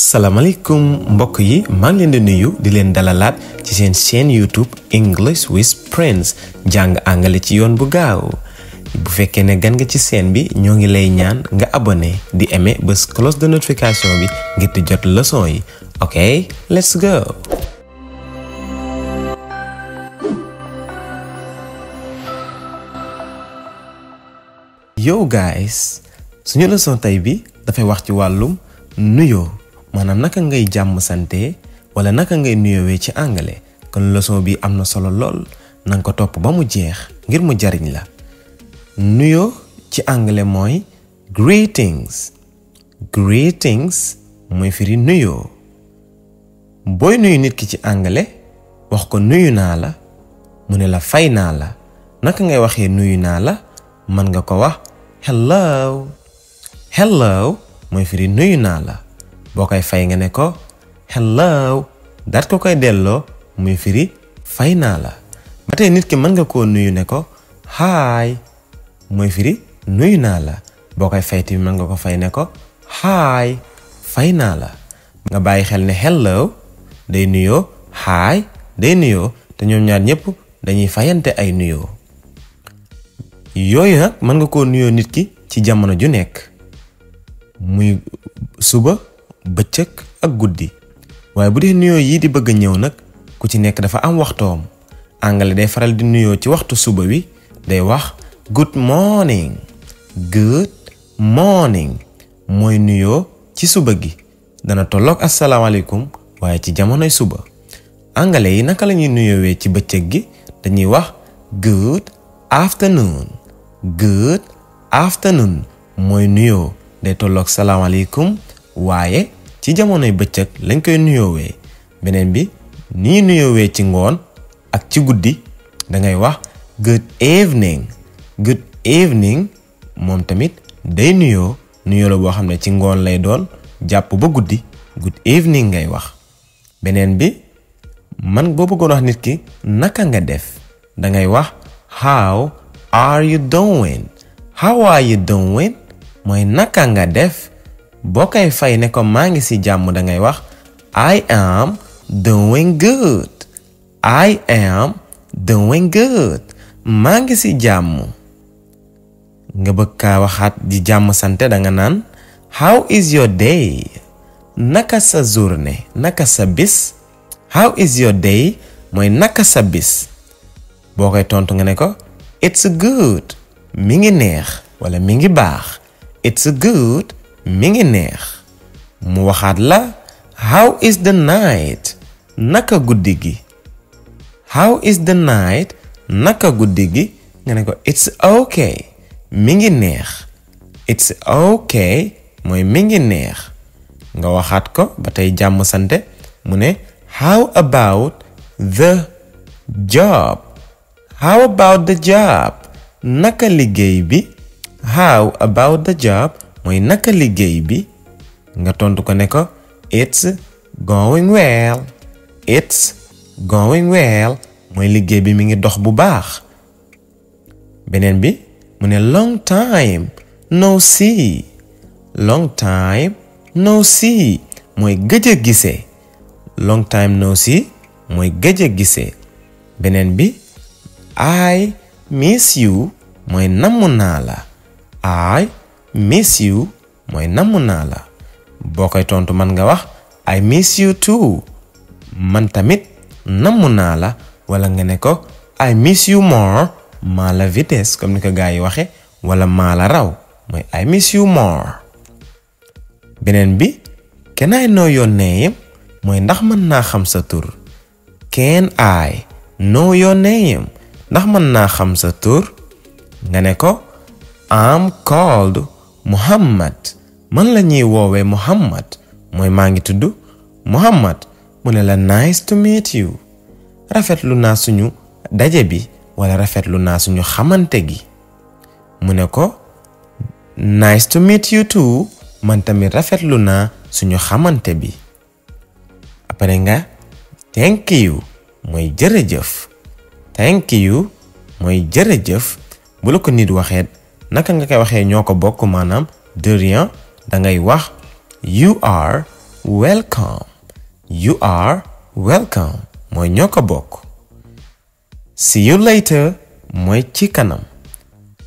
salaamaaleykum mbokk yi maa ngi leen di nuyu di leen dalalaat ci seen chaîne YouTube English with Prince jàng àngale ci yoon bu gaaw bu fekkee ne gan nga ci seen bi ñoo ngi lay ñaan nga abonné di aimé bés cloche de notification bi ngir di jot leçon yi ok let's go. yo suñu leçon tey bi dafay wax ci wàllum nuyoo. maanaam naka ngay jàmm sante wala naka ngay nuyowee ci anglais kon leçon bi am na solo lool nanga ko topp ba mu jeex ngir mu jariñ la nuyo ci anglais mooy greetings greetings mooy firi nuyoo booy nuyu nit ki ci anglais wax ko nuyu naa la mu ne la fay naa la naka ngay waxee nuyu naa la mën nga ko wax hello hello mooy firi nuyu naa la boo koy fay nga ne ko hello daat ko koy delloo muy firi fay naa la ba tey nit ki mën nga koo nuyu ne ko hi muy firi nuyu naa la boo koy fay tamit mën nga ko fay ne ko hi fay naa la nga bàyyi xel ne hello day nuyoo hi day nuyoo te ñoom ñaar ñëpp dañuy fayante ay nuyoo yooyu nag mën nga koo nuyoo nit ki ci jamono ju nekk muy suba bëccëg ak guddi waaye bu dee nuyoo yii di bëgg a ñëw nag ku ci nekk dafa am waxtoom anglais day faral di nuyoo ci waxtu suba wi day wax good morning good morning mooy nuyoo ci suba gi dana tolloog asalaamaaleykum waaye ci jamonoy suba àngale yi naka lañuy ñuy nuyoowee ci bëccëg gi dañuy wax good afternoon good afternoon mooy nuyoo day tolloog salaamaaleykum waaye ci jamonoy bëccëg lañ koy nuyoowee beneen bi ni nuyoowee ci ngoon ak ci guddi dangay wax good evening good evening moom tamit day nuyoo nuyoo la boo xam ne ci ngoon lay doon jàpp ba guddi good evening ngay wax beneen bi man boo bëggoon wax nit ki naka nga def dangay wax how are you doing how are you doing mooy naka nga def boo koy fay ne ko maa ngi ci jàmm dangay wax I am doing good I am doing good maa ngi ci jàmm nga bëgg kaa waxaat di jàmm sante danga naan how is your day naka sa journée naka sa bis how is your day mooy naka sa bis boo koy tontu nga ne ko it's good mi ngi neex wala mi ngi baax it's good mi ngi neex mu waxaat la how is the night naka guddi gi nga ne ko it's okay mi ngi neex it's okay mooy mi ngi neex nga waxaat ko ba tey jàmm sante mu ne how about the job how about the job naka liggéey bi how about the job mooy naka liggéey bi nga tontu ko ne ko it's going well it's going well mooy liggéey bi mi ngi dox bu baax beneen bi mu ne long time no see long time no see mooy gëj a gisee long time no see mooy gëj a gisee beneen bi I miss you mooy namm naa la miss you mooy namm naa la boo koy tontu man nga wax I miss you too man tamit namm naa la wala nga ne ko I miss you more maa la vitesse comme ni ko gars yi waxe wala maa la raw mooy I miss you more beneen bi can I know your name ndax mën naa xam sa tur can I know your name ndax mën naa xam sa tur nga ne ko am cold muhammad man la ñuy woowee muhammad mooy maa ngi tudd muhammad mu ne la nice to meet rafetlu naa suñu daje bi wala rafetlu naa suñu xamante gi mu ne ko nice to meet too man tamit rafetlu naa suñu xamante bi après nga thank you mooy jërëjëf thank you mooy jërëjëf bu la ko nit waxeet naka nga koy waxee ñoo ko bokk maanaam de rien da ngay wax you are welcome you are welcome mooy ñoo ko bokk see you later mooy ci kanam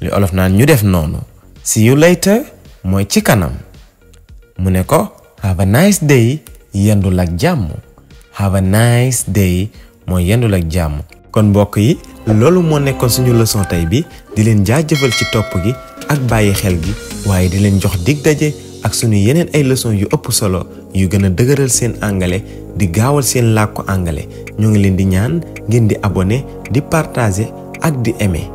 li olof naan ñu def noonu see you later mooy ci kanam mu ne ko have a nice day yendul ak jàmm have a nice day mooy yendul ak jàmm kon mbokk yi loolu moo nekkoon suñu leçon tey bi di leen jaajëfal ci topp gi ak bàyyi xel gi waaye di leen jox dig daje ak suñu yeneen ay leçon yu ëpp solo yu gën a dëgëral seen anglais di gaawal seen làkku anglais ñoo ngi leen di ñaan ngeen di abonné di partager ak di aimer